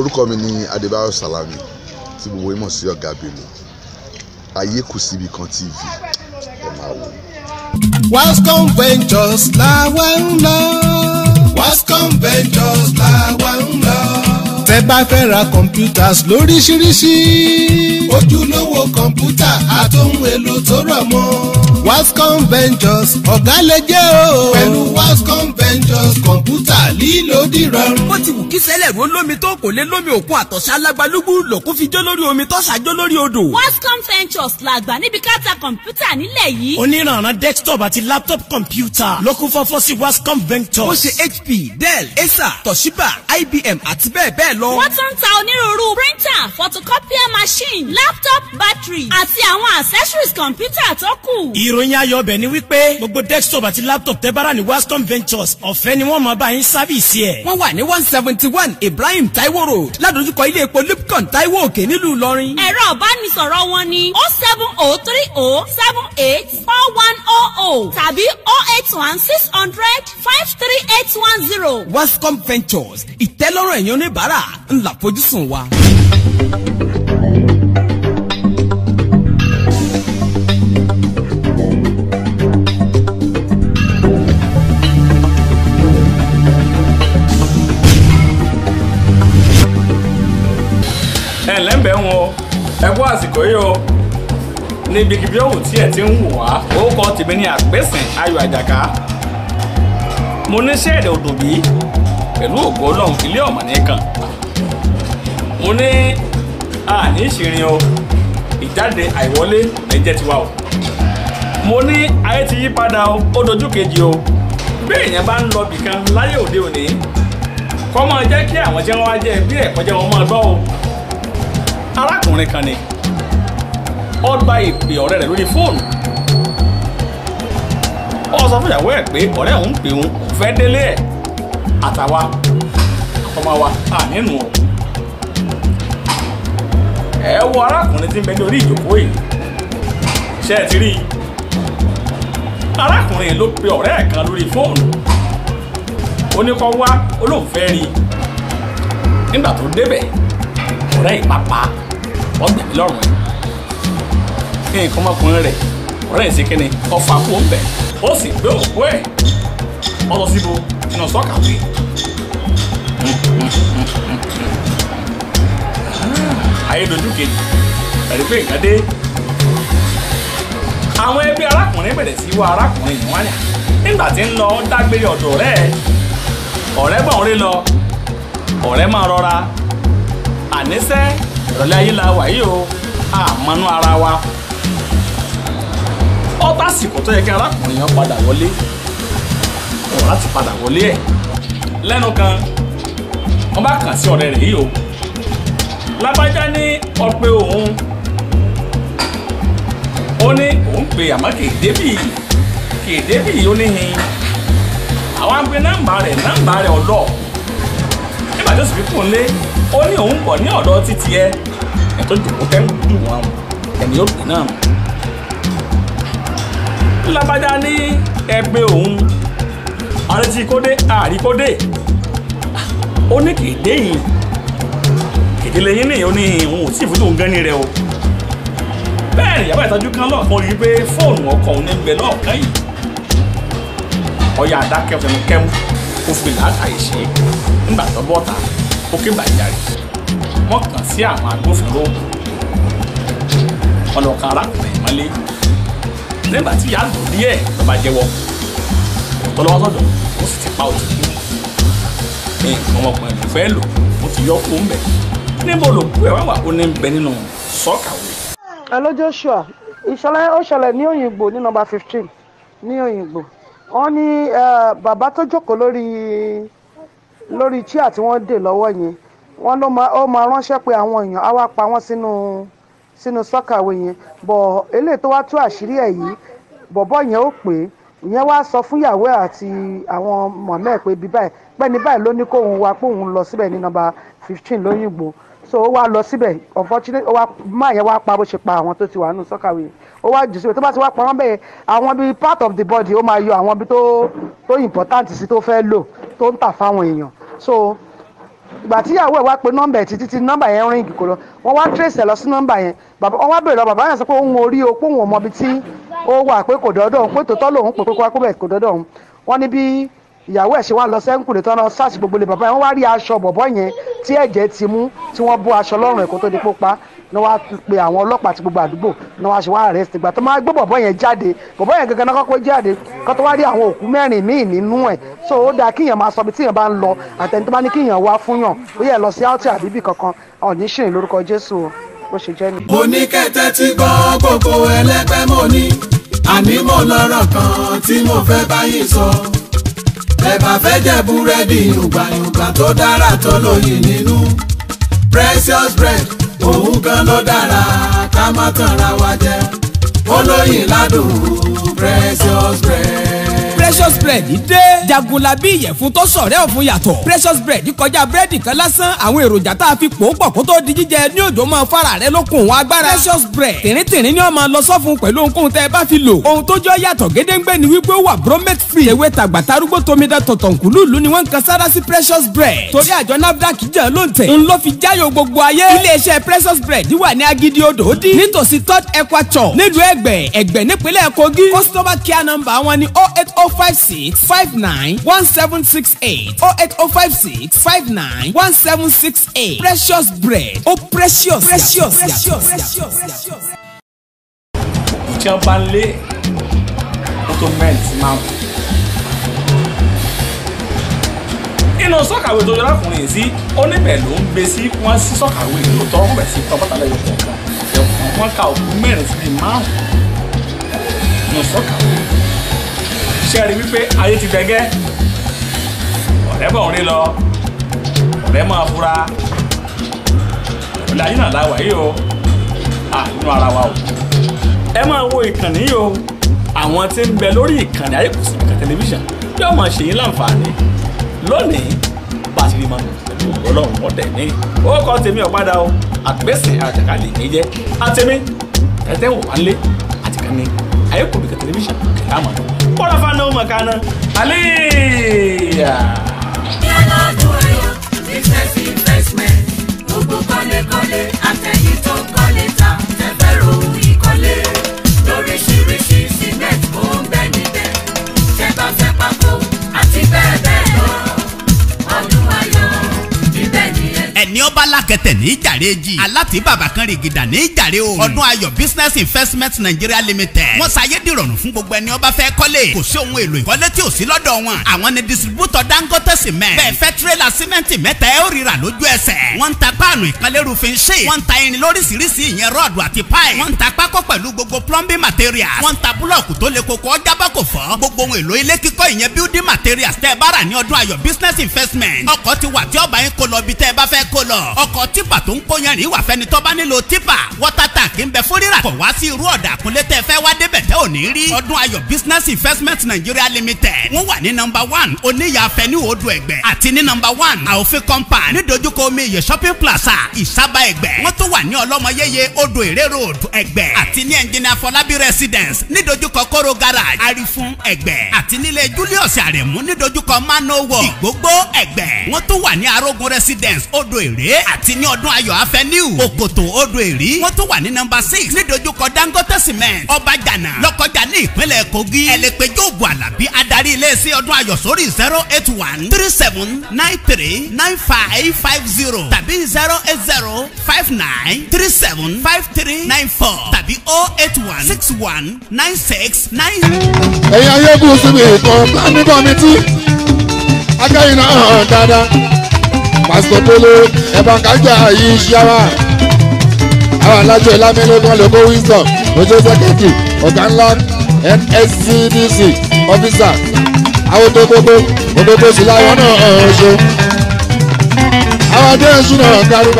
orúkọ mi ni Adébáyọ̀ Salami tí gbogbo yín mọ̀ sí Ọ̀gá Bello ayé kù síbi kan TV ẹ máa wò. Wascom Ventures làwa ń lọ. Wascom Ventures làwa ń lọ. tẹ́ bá fẹ́ ra computers lóríṣiríṣi ojúlówó kọ̀ǹpútà àtohun èlò tó rọ̀ mọ́. wascom ventures ọ̀gá lè jẹ́ o. pẹ̀lú wascom ventures kọ̀ǹpútà lílo dìrọ̀rùn. bó ti wù kí sẹ́lẹ̀ ro lómi tó kò lé lómi òkun àtọ̀sá alágbálúgbú lòkú fi jó lórí omi tó ṣàjó lórí odò. wascom ventures làgbà níbi káta kọ̀ǹpútà nílẹ̀ yìí. oníranran desktop àti laptop kọ̀ǹpútà ló kún fọ́fọ́ sí wascom ventures. ó ṣe hp dell acer toshiba IBM àti bẹ́ẹ̀ bẹ́ẹ̀ lọ. wọ́n tún ń ta onírúurú printer photocopier machine laptop battery àti àwọn accessories computer tó kù. ìròyìn ayọ̀ ọbẹ̀ ni wípé gbogbo desktop àti laptop tẹ́ bára ní wascom ventures ọ̀fẹ́ ni wọ́n máa bá yín sáfìsì ẹ̀. wọ́n wà ní one seventy one Ibrahim Taiwo road ládojúkọ ilé epo Lipcon Taiwo òkè nílùú Ìlọrin. ẹ̀rọ ìbánisọ̀rọ̀ wọn ni oh seven O oh three O oh seven eight four one O oh O. tàbí O eight one six hundred five three eight one zero. Wascom Ventures ìtẹ́lọ́rùn ẹ̀yin oníbàárà ńlá fojúsùn wa. ẹlẹ́bẹ̀ẹ́ wọn ẹ kú àsìkò yìí o níbi kìbí ọ̀hún tí ẹ ti ń wò wá orúkọ tèmi ni àpẹ́sìn ayọ̀ àjàká mo ní sẹ́ẹ̀dẹ̀ odò bí pẹ̀lú ògo ọlọ́run ilé ọ̀mọ̀ nìkan mo ní àní ìṣìrìn o ìjáde àìwọlé lẹ́jẹ́ tiwa o mo ní ayé ti yí padà o ó dojú kejì o bí èèyàn bá ń lọ bìkan láyé òde òní kọ́ máa jẹ́ kí àwọn jẹ́ wọ́n á jẹ́ bí ẹ̀kọ́ jẹ́ wọ́n máa gbọ́ o arákùnrin kan ni ó gba ìpè ọ̀rẹ́ rẹ̀ lórí fóònù ó sọ fún ìyàwó ẹ̀ pé ọ̀rẹ́ òun pè òun fẹ́ délé ẹ̀ àtàwa ọmọ wa à nínú ọ̀hún ẹ wo arákùnrin tí ń bẹ ní orí ìjókòó yìí ṣe é ti rí i arákùnrin ló pe ọ̀rẹ́ ẹ̀ kan lórí fóònù ó ní kó wá olóòfẹ́ rí i nígbà tó débẹ̀ ọ̀rẹ́ ìpápá ọgbẹ̀mí lọ́rùn ẹ̀ nǹkan ọmọkùnrin rẹ̀ ọ̀rẹ́ ìsìnkíni ọ̀fà kó ń bẹ̀ ó sì gbé òkú ẹ̀ ọlọ síbo iná sọ́kà wí. ayédojúke ẹ̀rí pé nǹkan dé àwọn ẹbí arákùnrin bẹ̀rẹ̀ sí wá arákùnrin yìí wọ́n yà nígbà tí ń lọ dágbére ọ̀dọ̀ rẹ̀ ọ̀rẹ́ bọ̀ ń rí lọ ọ̀rẹ́ máa rọra àníṣẹ́ ìrọ̀lẹ́ ayé la wà yìí o àmọ́nú ara wa ó tásìkò tó yẹ kí arákùnrin yẹn padà wọlé kọ̀ láti padà wọlé ẹ̀ lẹ́nu kan wọ́n bá kàn sí ọ̀rẹ́ rẹ̀ yìí o lágbájá ní ọ̀pẹ òun ó ní òun pè àmọ́ kì í débì kì í débì ó ní hin àwọn agbe nọ́mbà rẹ̀ nọ́mbà rẹ̀ ọ̀dọ̀ nígbà tó sì fi kún un lé ó ní òun bọ̀ ní ọ̀dọ̀ títí ẹ ẹ̀ tó jòkó tẹ́ńkù jù wọn ẹ̀mí ó pè náà lágbájá ní ẹgbẹ́ òun àrètí kódé àríkódé ó ní kì í dé yìí ìdílé yín nìyẹn ó ní òun ò tí ì fojú òun gán ní rẹ o bẹ́ẹ̀ ni ìyàbá ìtọ́jú kan lọ́ọ̀kan rí i pé fóònù ọkọ òun ní gbẹ lọ́ọ̀kan yìí ọyà àdákẹ́ fẹmukẹ́mu ó fi làákàyè ṣe nígbà tó bọ́ta ó ké bàjá rẹ̀ wọ́n kàn sí àwọn agbófinró ọlọ́kan arákùnrin mọ́lé nígbà tí ìyá lò díẹ̀ lọ́ba jẹ́wọ́ ọlọ́wọ́ sọ̀dọ̀ ó sì ti pa òtún ní ọmọkùnrin mi fẹ́ lò ó ti yọ kó ń bẹ̀ níbo ló kú ẹ̀ wá wà ó ní ń bẹ nínú sọ́kàwé. hello Joshua ìṣẹ̀lẹ̀ ó ṣẹlẹ̀ ní òyìnbó ní nọ́mbà fifteen ní òyìnbó wọ́n ní bàbá tó jókòó lórí lórí chia tí wọ́n dè lọ́wọ́ yẹn wọ́n ló máa ránṣẹ́ pé àwọn èèyàn á wá pa wọ́n sínú sínú sọ́kàwé yẹn bọ̀ eléyìí tó wá tú àṣírí ẹ̀ yìí bọ̀bọ́ yẹn ó pè é ìyẹn wá sọ fún ìyàwó àti àwọn mọ̀mẹ́ pé bí báyìí pẹ́ni báyìí ló ní kóun wá pé òun lọ síbẹ̀ ní nọ́mbà fifteen lóyìnbó so ó wá lọ síbẹ̀ unfortunately ó wá má wá pa bó ṣe pa àwọn tó ti wà nù sọ́kàwé ó wá jù síbẹ̀ tó bá ti wá pa wọ́n bẹ́ẹ̀ àwọn bíi part of the body ó máa yọ àwọn bíi tó important sí tó fẹ́ lò tó ń tà fáwọn èèyàn so ìgbà tíyàwó ẹ̀ wá pe nọ́mbà ẹ̀ títí nọ́mbà yẹn rìn kò lọ wọ́n wá trace ẹ̀ lọ sí nọ́mbà yẹn wọ́n wá bèrè lọ bàbá yẹn sọ pé òun ò o pé òun ò mọ tí ó wà pé kò dọ́dọ̀ òun pé tòótọ́ lòun pè pé kó wá kó bẹ̀ kò dọ́dọ̀ òun wọ́n ní bí ìyàwó ẹ̀ ṣe wá lọ sẹ́ńkùlé tán sars gbogbo lè bàbá yẹn wọ́n wá rí aṣọ bọ̀bọ́ yẹn tí ẹ̀jẹ̀ ti mú tí wọ́n bó aṣọ lọ́rùn ẹ̀kọ́ tó di pópa ni wọ́n pe àwọn ọlọ́pàá àti gbogbo àdúgbò ni wọ́n ṣe wá arrest ìgbà tó máa gbé bọ̀bọ́ yẹn jáde bọ̀bọ́ yẹn gangan kọ́kọ́ jáde kó tó wá rí àwọn òkú mẹ́rin míì nínú ẹ̀ so ó dáa kíyàn máa sọ bí tíyàn bá ń lọ àtẹni tó bá ní kíyàn wá fún yàn ó yẹ lọ sí áùtì àbíbì kankan ọ̀ní ṣìrìn lórúkọ Jésù ó ṣe jẹ́ ni. mo ní kẹ́tẹ́ tí gbọ́ gbogbo ẹlẹ́gbẹ́ mo ní àní mo lọ́rọ̀ kan tí mo fẹ́ báyìí sọ ẹ bá fẹ́ jẹ búrẹ́dì yùngbàyùngbà tó dára tó lóyìn nínú precious bread òun gan ló dára ká má tanra wa jẹ olóyìn ládùn precious bread precious bread dé jagunlabi ìyẹ̀fun tó sọ̀rẹ́ ọ̀fun yàtọ̀ precious bread kọjá búrẹ́dì kan lásán àwọn èròjà tá a fi pò ó pọ̀ kó tó di jíjẹ ní òjò máa fara rẹ lókun òun agbára precious bread tìrìntìrìn ni ó máa lọ sọ́fun pẹ̀lú ohunkóhun tẹ́ ẹ bá fi lò ohun tó jọ yàtọ̀ gédéǹgbé ni wípé ó wà bromate free ewé tàgbàtà arúgbó tomida tọ̀tọ̀nkùlù ìlú ni wọ́n ń kan sára sí precious bread torí àjọ nafdac jẹ́ ló ń tẹ̀ ń ló fi jáyò gbogbo ayé iléeṣẹ́ precious bread wà ní agidi odò ó dín nítòsí third equator nílùú ẹ̀gbẹ́ ẹ̀gbẹ́ nípínlẹ̀ kogi customer care number wọn ni oh eight oh five six five nine one seven six eight oh eight oh five six five nine one seven six eight precious bread oh, precious precious precious precious. Precious. Precious. Precious. Precious. Precious. bù. inú sọ́kàwé tó yọra fún yìí sí oníbẹ̀ ló ń gbé sí wọ́n sí sọ́kàwé ló tọ́ wọ́n bẹ̀ sí tọ́ bàtà lẹ́yìn kọ̀ọ̀kan wọ́n ka òkú mẹ́rin sí márùn-ún inú sọ́kàwé ṣe rí wípé ayé ti bẹ́gẹ́ ọ̀rẹ́ bọ̀ ń rí lọ ọ̀rẹ́ máa fura ìlànà náà la wà yìí o àánú ara wa o ẹ máa wo ìkànnì yìí o àwọn tí ń bẹ lórí ìkànnì ayékùsùn ìkànnì tẹlifíṣàn yóò máa ṣe yín láǹfààní lónìí bá a ti rí ma nù pẹ̀lú ọlọ́run ọ̀dẹ̀ ní ó kọ́ tèmi ọ̀padà o àgbẹ̀sẹ̀ àjàkálẹ̀ ní àtẹ̀mí tẹ̀tẹ̀ wò wá lé àtìkánni a yi ku bi ka talabishin ka yama. Ƙorafa na makana. Aliyah. ẹni ọba lákẹtẹ̀ ní jàre jì aláti bàbá kan rìgìdà ní jàre o ọdún ayọ̀ business investment Nigeria limited wọ́n ṣayédìrọ̀rùn fún gbogbo ẹni ọba fẹ́ kọ́lé kò sí ohun èlò ìkọ́lé tí ò sí lọ́dọ̀ wọn àwọn ni distributor Dangote cement bẹ́ẹ̀ fẹ́ tirẹ̀là símẹ́ǹtì mẹ́ta ẹ̀ ó rira lójú ẹsẹ̀ wọ́n ń ta páànù ìkanlẹ́rù fi ń ṣe wọ́n ń ta irin lóríṣiríṣi ìyẹn rọ́ọ̀dù àti páì wọ́n ń ta pákó plumbing materials wọ́n ń ta koko ọjà bá kò fọ́ gbogbo building materials tẹ́ ẹ bá rà business investment ọkọ̀ ti wà tí ọba yín kó kó lọ. ọkọ̀ tipa tó ń kó yanrìn wà fẹ́ni tó bá nílò tipa water tank ń bẹ fún rírà kọ̀ wá sí irú ọ̀dà àkúnlé tẹ́ fẹ́ wá débẹ̀ tẹ́ ò ní rí. ọdún ayọ̀ business investment nigeria limited wọ́n wà ní number one oníyà fẹ́ni odò ẹ̀gbẹ́ àti ní number one àòfin compound nídojúkọ omi iyè shopping plaza ìsábà ẹ̀gbẹ́ wọ́n tún wà ní ọlọ́mọyéye odò èrè road ẹ̀gbẹ́ àti ní engineer fọlábí residence nídojúkọ kóró garage arifun ẹ̀gbẹ́ àti nílé julius aremu nídojúkọ manowo ìgbógbó ẹ̀gbẹ́ wọ́n tún wà ní arógun residence odò èrè èrè àti ní ọdún ayọ̀ avenue òkòtò odò èrì wọ́n tún wà ní nọ́mbà six nídojúkọ dangote cement ọbàjànà lọ́kọjà ní ìpínlẹ̀ kogi ẹlẹ́pẹ̀jọ́ ògùn àlàbí adarí iléeṣẹ́ ọdún ayọ̀ sórí zero eight one three seven nine three nine five five zero tàbí zero eight zero five nine three seven five three nine four tàbí oh eight one six one nine six nine. ẹ̀yin ayébùsùn mi kọ́ planning committee akẹ́yìn náà hàn dáadáa pásítọ̀ polo ẹ̀bọ̀nkájà yìí ṣíyáwá àwọn alájọ ìlàmílógún lóko wisdom lójó sẹ́kẹ̀tì ọ̀gá ńlá nscdc ọ́fíìsà àwọn tó gbogbo òdòdó sì láwọn náà ọ̀hún ṣe àwọn adé ìṣúná ọ̀gá rúbà.